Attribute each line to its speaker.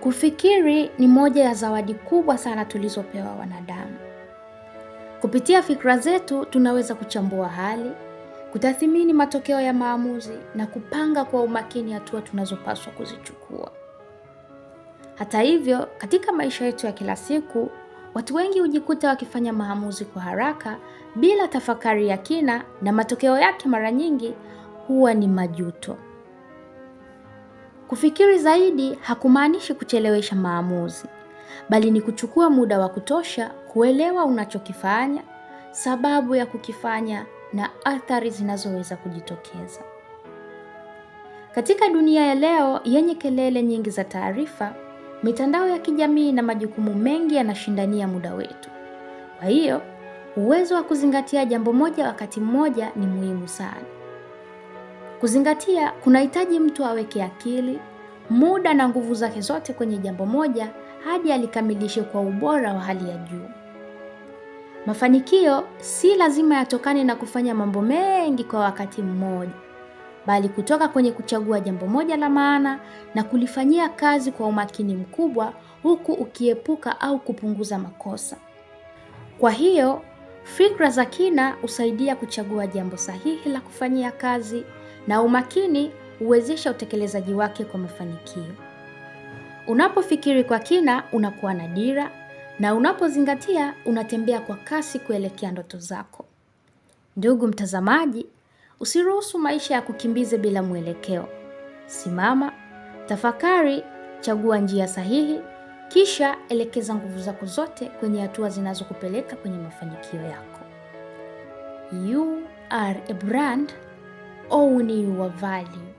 Speaker 1: Kufikiri ni moja ya zawadi kubwa sana tulizopewa wanadamu. Kupitia fikra zetu tunaweza kuchambua hali, kutathimini matokeo ya maamuzi na kupanga kwa umakini hatua tunazopaswa kuzichukua. Hata hivyo, katika maisha yetu ya kila siku, watu wengi hujikuta wakifanya maamuzi kwa haraka bila tafakari ya kina na matokeo yake mara nyingi huwa ni majuto. Kufikiri zaidi hakumaanishi kuchelewesha maamuzi, bali ni kuchukua muda wa kutosha kuelewa unachokifanya, sababu ya kukifanya na athari zinazoweza kujitokeza. Katika dunia ya leo yenye kelele nyingi za taarifa, mitandao ya kijamii na majukumu mengi yanashindania muda wetu. Kwa hiyo, uwezo wa kuzingatia jambo moja wakati mmoja ni muhimu sana. Kuzingatia kunahitaji mtu aweke akili, muda na nguvu zake zote kwenye jambo moja hadi alikamilishe kwa ubora wa hali ya juu. Mafanikio si lazima yatokane na kufanya mambo mengi kwa wakati mmoja, bali kutoka kwenye kuchagua jambo moja la maana na kulifanyia kazi kwa umakini mkubwa, huku ukiepuka au kupunguza makosa. Kwa hiyo Fikra za kina husaidia kuchagua jambo sahihi la kufanyia kazi na umakini huwezesha utekelezaji wake kwa mafanikio. Unapofikiri kwa kina, unakuwa na dira na unapozingatia, unatembea kwa kasi kuelekea ndoto zako. Ndugu mtazamaji, usiruhusu maisha ya kukimbize bila mwelekeo. Simama, tafakari, chagua njia sahihi kisha elekeza nguvu zako zote kwenye hatua zinazokupeleka kwenye mafanikio yako. You are a brand, own your value.